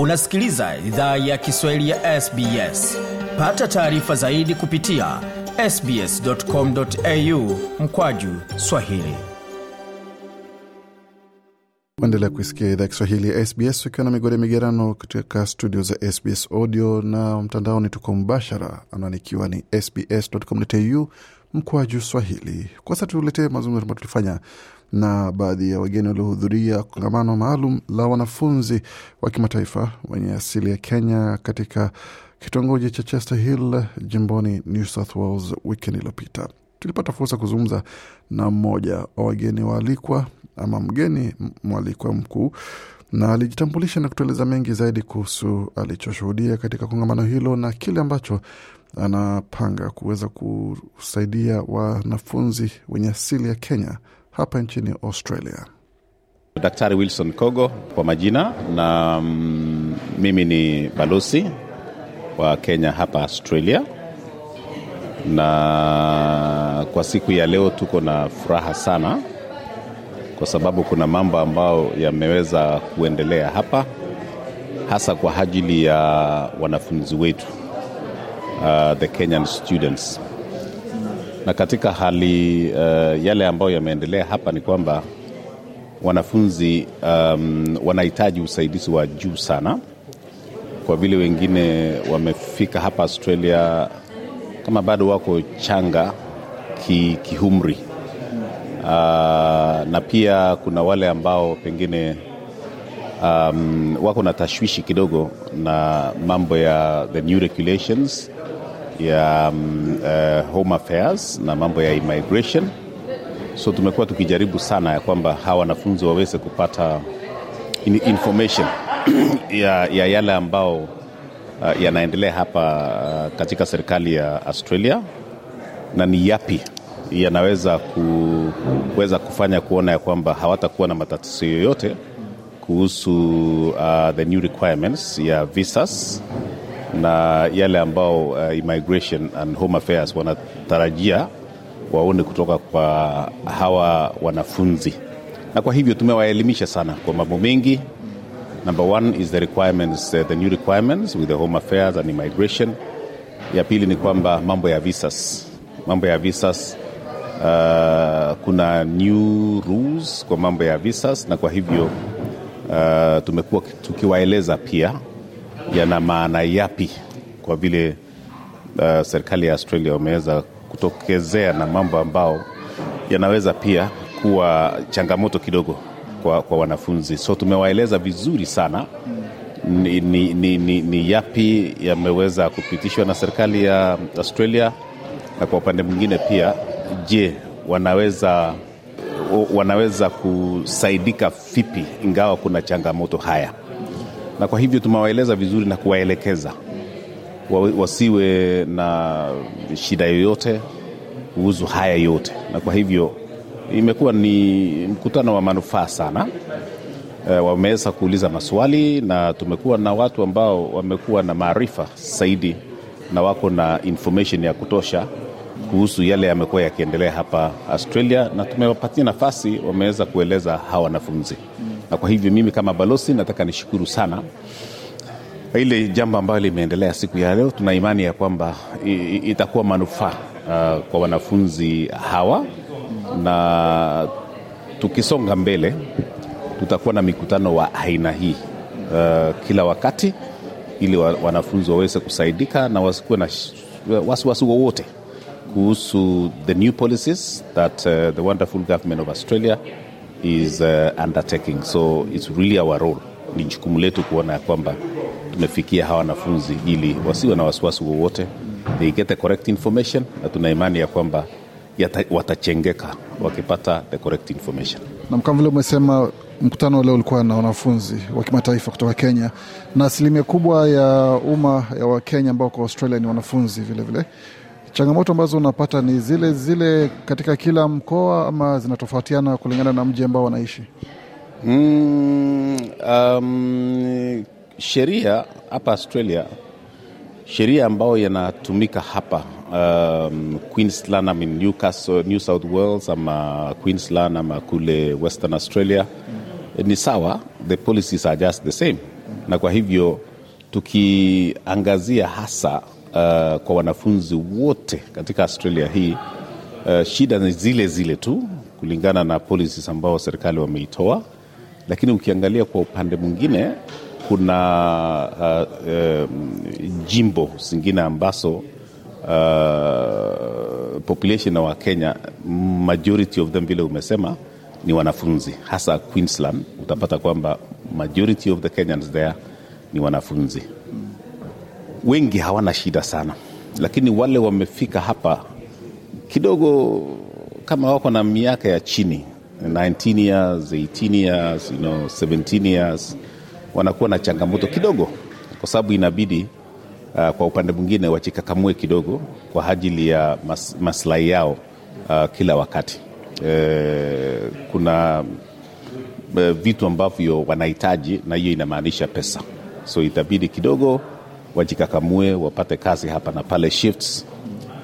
unasikiliza idhaa ya kiswahili ya sbs pata taarifa zaidi kupitia sbscomau mkwaju swahili Uendelea kuisikia idhaa ya Kiswahili ya SBS ukiwa na migode migerano katika studio za SBS audio na mtandaoni, tuko mbashara ananikiwa ni sbs.com.au mkwaju swahili. Kwa sasa tuletee mazungumzo ambayo tulifanya na baadhi ya wageni waliohudhuria kongamano maalum la wanafunzi wa kimataifa wenye asili ya Kenya katika kitongoji cha Chester Hill jimboni New South Wales wikendi iliyopita. Tulipata fursa kuzungumza na mmoja wa wageni waalikwa ama mgeni mwalikwa mkuu, na alijitambulisha na kutueleza mengi zaidi kuhusu alichoshuhudia katika kongamano hilo na kile ambacho anapanga kuweza kusaidia wanafunzi wenye asili ya Kenya hapa nchini Australia. Daktari Wilson Kogo kwa majina, na mm, mimi ni balozi wa Kenya hapa Australia, na kwa siku ya leo tuko na furaha sana kwa sababu kuna mambo ambayo yameweza kuendelea hapa hasa kwa ajili ya wanafunzi wetu, uh, the Kenyan students na katika hali uh, yale ambayo yameendelea hapa ni kwamba wanafunzi um, wanahitaji usaidizi wa juu sana, kwa vile wengine wamefika hapa Australia kama bado wako changa ki, kiumri uh, na pia kuna wale ambao pengine um, wako na tashwishi kidogo na mambo ya the new regulations ya um, uh, home affairs na mambo ya immigration. So tumekuwa tukijaribu sana ya kwamba hawa wanafunzi waweze kupata in information ya, ya yale ambao uh, yanaendelea hapa uh, katika serikali ya Australia na ni yapi yanaweza kuweza kufanya kuona ya kwamba hawatakuwa na matatizo yoyote kuhusu uh, the new requirements ya visas na yale ambao uh, immigration and home affairs wanatarajia waone kutoka kwa hawa wanafunzi, na kwa hivyo tumewaelimisha sana kwa mambo mengi. Number one is the requirements, uh, the new requirements with the home affairs and immigration. Ya pili ni kwamba mambo ya visas, mambo ya visas uh, kuna new rules kwa mambo ya visas, na kwa hivyo uh, tumekuwa tukiwaeleza pia yana maana yapi kwa vile uh, serikali ya Australia wameweza kutokezea na mambo ambao yanaweza pia kuwa changamoto kidogo kwa, kwa wanafunzi. So tumewaeleza vizuri sana ni, ni, ni, ni, ni yapi yameweza kupitishwa na serikali ya Australia, na kwa upande mwingine pia, je, wanaweza wanaweza kusaidika vipi ingawa kuna changamoto haya na kwa hivyo tumewaeleza vizuri na kuwaelekeza wasiwe na shida yoyote kuhusu haya yote, na kwa hivyo imekuwa ni mkutano wa manufaa sana. E, wameweza kuuliza maswali na tumekuwa na watu ambao wamekuwa na maarifa zaidi na wako na information ya kutosha kuhusu yale yamekuwa yakiendelea hapa Australia, na tumewapatia nafasi, wameweza kueleza hawa wanafunzi na kwa hivyo mimi kama balozi nataka nishukuru sana ile jambo ambayo limeendelea siku ya leo. Tuna imani ya kwamba itakuwa manufaa uh, kwa wanafunzi hawa, na tukisonga mbele tutakuwa na mikutano wa aina hii uh, kila wakati ili wanafunzi waweze kusaidika na wasikuwe na wasiwasi wowote kuhusu the new policies that uh, the wonderful government of Australia is uh, undertaking so it's really our role ni jukumu letu kuona ya kwamba tumefikia hawa wanafunzi ili wasiwe na wasiwasi wowote they get the correct information na tuna imani ya kwamba yata, watachengeka wakipata the correct information na kama vile umesema mkutano leo ulikuwa na wanafunzi wa kimataifa kutoka Kenya na asilimia kubwa ya umma ya Wakenya ambao kwa Australia ni wanafunzi vilevile vile. vile Changamoto ambazo unapata ni zile zile katika kila mkoa ama zinatofautiana kulingana na mji ambao wanaishi? Mm, um, sheria hapa Australia, sheria ambayo yanatumika hapa um, Queensland ama Newcastle, New South Wales ama Queensland ama kule Western Australia mm. ni sawa, the policies are just the same mm. na kwa hivyo tukiangazia hasa uh, kwa wanafunzi wote katika Australia hii uh, shida ni zile zile tu kulingana na policies ambao serikali wameitoa, lakini ukiangalia kwa upande mwingine kuna uh, um, jimbo zingine ambazo uh, population wa Kenya majority of them vile umesema ni wanafunzi, hasa Queensland utapata kwamba majority of the Kenyans there ni wanafunzi wengi hawana shida sana, lakini wale wamefika hapa kidogo, kama wako na miaka ya chini 19 years, 18 years, you know, 17 years, wanakuwa na changamoto kidogo, kwa sababu inabidi uh, kwa upande mwingine wachikakamue kidogo kwa ajili ya mas, maslahi yao uh, kila wakati e, kuna uh, vitu ambavyo wanahitaji na hiyo inamaanisha pesa, so itabidi kidogo wajikakamue, wapate kazi hapa na pale shifts,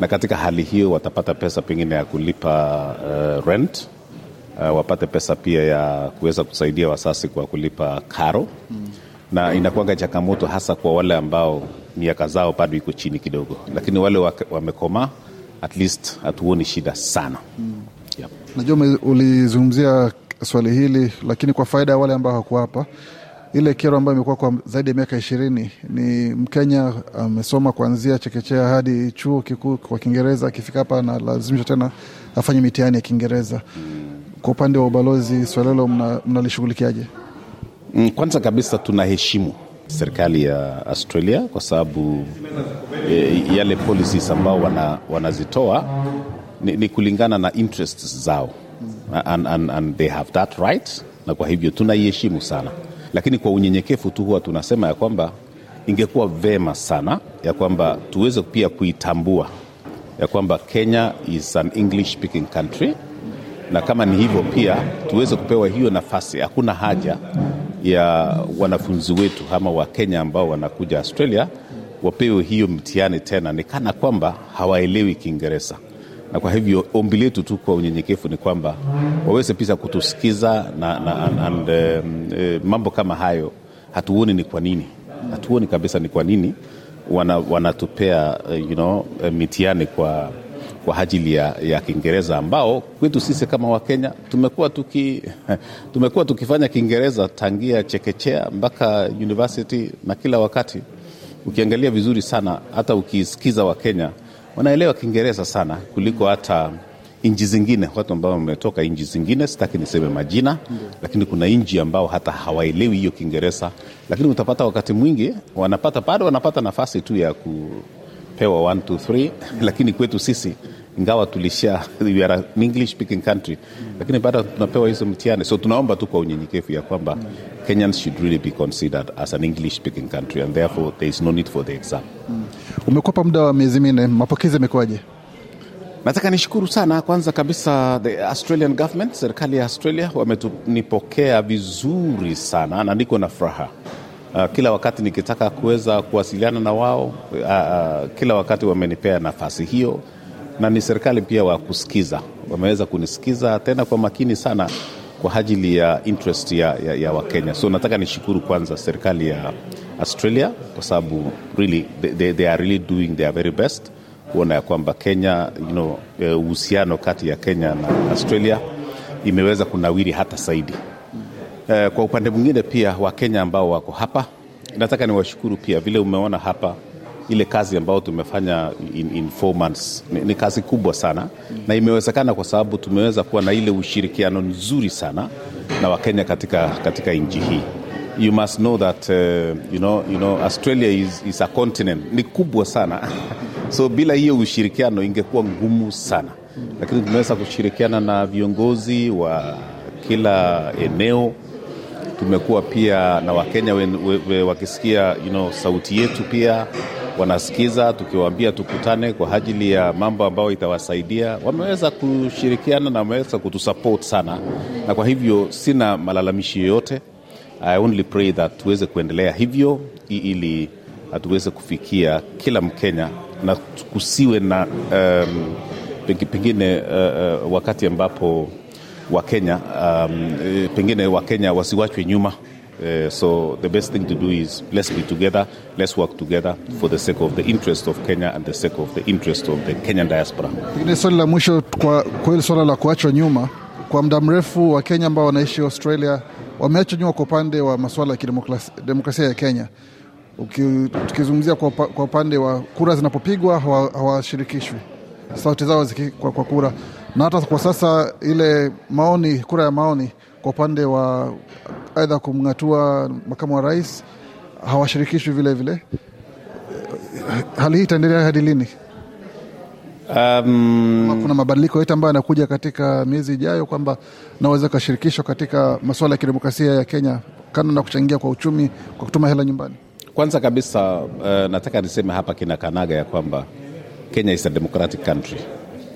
na katika hali hiyo watapata pesa pengine ya kulipa uh, rent uh, wapate pesa pia ya kuweza kusaidia wasasi kwa kulipa karo mm. na inakuanga changamoto hasa kwa wale ambao miaka zao bado iko chini kidogo, lakini wale wamekomaa at least hatuoni shida sana mm. yep. Najua ulizungumzia swali hili, lakini kwa faida ya wale ambao hawako hapa ile kero ambayo imekuwa kwa zaidi ya miaka ishirini. Ni Mkenya amesoma kuanzia chekechea hadi chuo kikuu kwa Kiingereza, akifika hapa na tena afanye mitihani ya Kiingereza. Kwa upande wa ubalozi, swala hilo mnalishughulikiaje? Mna mm, kwanza kabisa tunaheshimu serikali ya Australia kwa sababu e, yale policies ambao wana, wanazitoa ni, ni kulingana na interests zao and, and, and they have that right, na kwa hivyo tunaiheshimu sana lakini kwa unyenyekevu tu huwa tunasema ya kwamba ingekuwa vema sana ya kwamba tuweze pia kuitambua ya kwamba Kenya is an English speaking country, na kama ni hivyo pia tuweze kupewa hiyo nafasi. Hakuna haja ya wanafunzi wetu ama Wakenya ambao wanakuja Australia wapewe hiyo mtihani tena, ni kana kwamba hawaelewi Kiingereza na kwa hivyo ombi letu tu kwa unyenyekevu ni kwamba waweze pisa kutusikiza na, na, and, and, eh, um, mambo kama hayo hatuoni ni kwa nini, hatuoni kabisa ni kwa nini wanatupea wana eh, you know, eh, mitihani kwa, kwa ajili ya, ya Kiingereza ambao kwetu sisi kama Wakenya tumekuwa tuki, tumekuwa tukifanya Kiingereza tangia chekechea mpaka university na kila wakati ukiangalia vizuri sana hata ukisikiza Wakenya wanaelewa Kiingereza sana kuliko hata nchi zingine, watu ambao wametoka nchi zingine, sitaki niseme majina Lakini kuna nchi ambao hata hawaelewi hiyo Kiingereza, lakini utapata wakati mwingi wanapata bado wanapata nafasi tu ya kupewa one two lakini kwetu sisi ingawa tulisha we are an English speaking country mm. lakini bado tunapewa hizo mtihani, so tunaomba tu kwa unyenyekevu ya kwamba mm. Kenyans should really be considered as an English speaking country and therefore there is no need for the exam mm. Umekuwa pa muda wa miezi minne, mapokezi yamekuwaje? Nataka nishukuru sana kwanza kabisa the Australian government, serikali ya Australia wametunipokea vizuri sana na niko na furaha uh, kila wakati nikitaka kuweza kuwasiliana na wao uh, uh, kila wakati wamenipea nafasi hiyo na ni serikali pia wa kusikiza, wameweza kunisikiza tena kwa makini sana kwa ajili ya interest ya, ya, ya Wakenya. So nataka nishukuru kwanza serikali ya Australia kwa sababu really, they, they are really doing their very best kuona ya kwamba Kenya you know, eh, uhusiano kati ya Kenya na Australia imeweza kunawiri hata zaidi. Eh, kwa upande mwingine pia Wakenya ambao wako hapa nataka niwashukuru pia, vile umeona hapa ile kazi ambayo tumefanya in, in four months ni, ni kazi kubwa sana na imewezekana kwa sababu tumeweza kuwa na ile ushirikiano nzuri sana na Wakenya katika, katika nchi hii you must know that uh, you know, you know, Australia is, is a continent ni kubwa sana so bila hiyo ushirikiano ingekuwa ngumu sana lakini tumeweza kushirikiana na viongozi wa kila eneo tumekuwa pia na wakenya wakisikia you know, sauti yetu pia wanasikiza, tukiwaambia tukutane kwa ajili ya mambo ambayo itawasaidia. Wameweza kushirikiana na wameweza kutusupport sana, na kwa hivyo sina malalamishi yoyote. I only pray that tuweze kuendelea hivyo ili tuweze kufikia kila Mkenya na kusiwe na um, pengine uh, uh, wakati ambapo Wakenya um, eh, pengine Wakenya wasiwachwe nyuma. Uh, so the best thing to do is let's be together, let's work together for the sake of the interest of Kenya and the sake of the interest of the Kenyan diaspora. Pengine swali la mwisho kwa kweli, swala la kuachwa nyuma kwa muda mrefu, wa Kenya ambao wanaishi Australia wameachwa nyuma kwa upande wa masuala ya kidemokrasia ya Kenya. Tukizungumzia kwa, upande wa kura zinapopigwa hawashirikishwi sauti zao kwa, kwa kura na hata kwa sasa ile maoni, kura ya maoni kwa upande wa aidha kumng'atua makamu wa rais hawashirikishwi vile vile. Hali hii itaendelea hadi lini? Um, kuna mabadiliko yote ambayo yanakuja katika miezi ijayo kwamba naweza ukashirikishwa katika masuala ya kidemokrasia ya Kenya kando na kuchangia kwa uchumi kwa kutuma hela nyumbani? Kwanza kabisa uh, nataka niseme hapa kina kanaga ya kwamba Kenya is a democratic country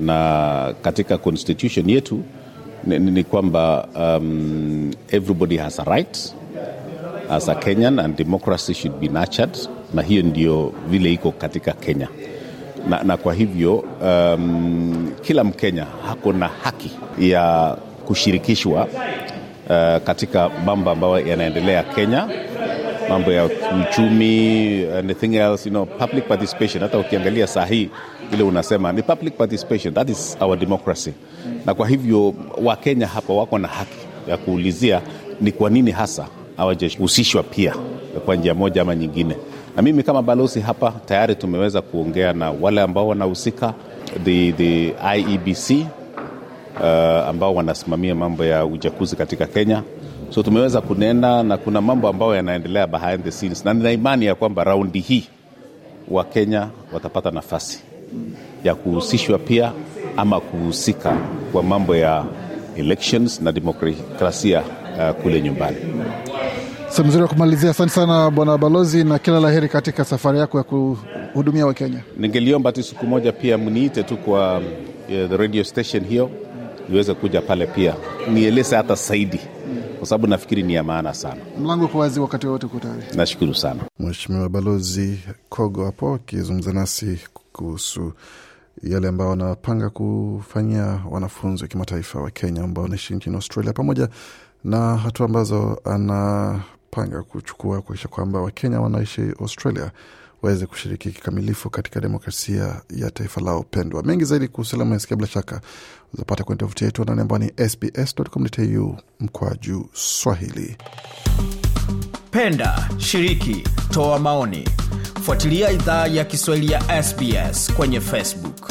na katika constitution yetu ni, ni kwamba um, everybody has a right as a Kenyan and democracy should be nurtured, na hiyo ndio vile iko katika Kenya na, na kwa hivyo um, kila Mkenya hako na haki ya kushirikishwa uh, katika mambo ambayo yanaendelea Kenya mambo ya uchumi, anything else, you know, public participation. Hata ukiangalia saa hii ile unasema ni public participation, that is our democracy. Na kwa hivyo Wakenya hapa wako na haki ya kuulizia ni kwa nini hasa hawajahusishwa pia kwa njia moja ama nyingine. Na mimi kama balozi hapa tayari tumeweza kuongea na wale ambao wanahusika the, the IEBC uh, ambao wanasimamia mambo ya uchaguzi katika Kenya. So tumeweza kunena na kuna mambo ambayo yanaendelea behind the scenes, na nina imani ya kwamba raundi hii Wakenya watapata nafasi ya kuhusishwa pia ama kuhusika kwa mambo ya elections na demokrasia uh, kule nyumbani. Sehemu nzuri ya kumalizia. Asante sana Bwana Balozi, na kila la heri katika safari yako ya kuhudumia Wakenya. Ningeliomba tu siku moja pia mniite tu kwa uh, the radio station hiyo niweze kuja pale pia nieleze hata zaidi kwa sababu nafikiri ni ya maana sana. Mlango uko wazi wakati wote, uko tayari. Nashukuru sana Mheshimiwa Balozi Kogo hapo akizungumza nasi kuhusu yale ambayo wanapanga kufanyia wanafunzi wa kimataifa wa Kenya ambao wanaishi nchini Australia pamoja na hatua ambazo ana panga kuchukua kuakisha kwamba Wakenya wanaishi Australia waweze kushiriki kikamilifu katika demokrasia ya taifa lao pendwa. Mengi zaidi kuhusu lama bila shaka uzapata kwenye tovuti yetu anani ambao ni sbs.com.au mkwa juu Swahili. Penda, shiriki, toa maoni, fuatilia idhaa ya Kiswahili ya SBS kwenye Facebook.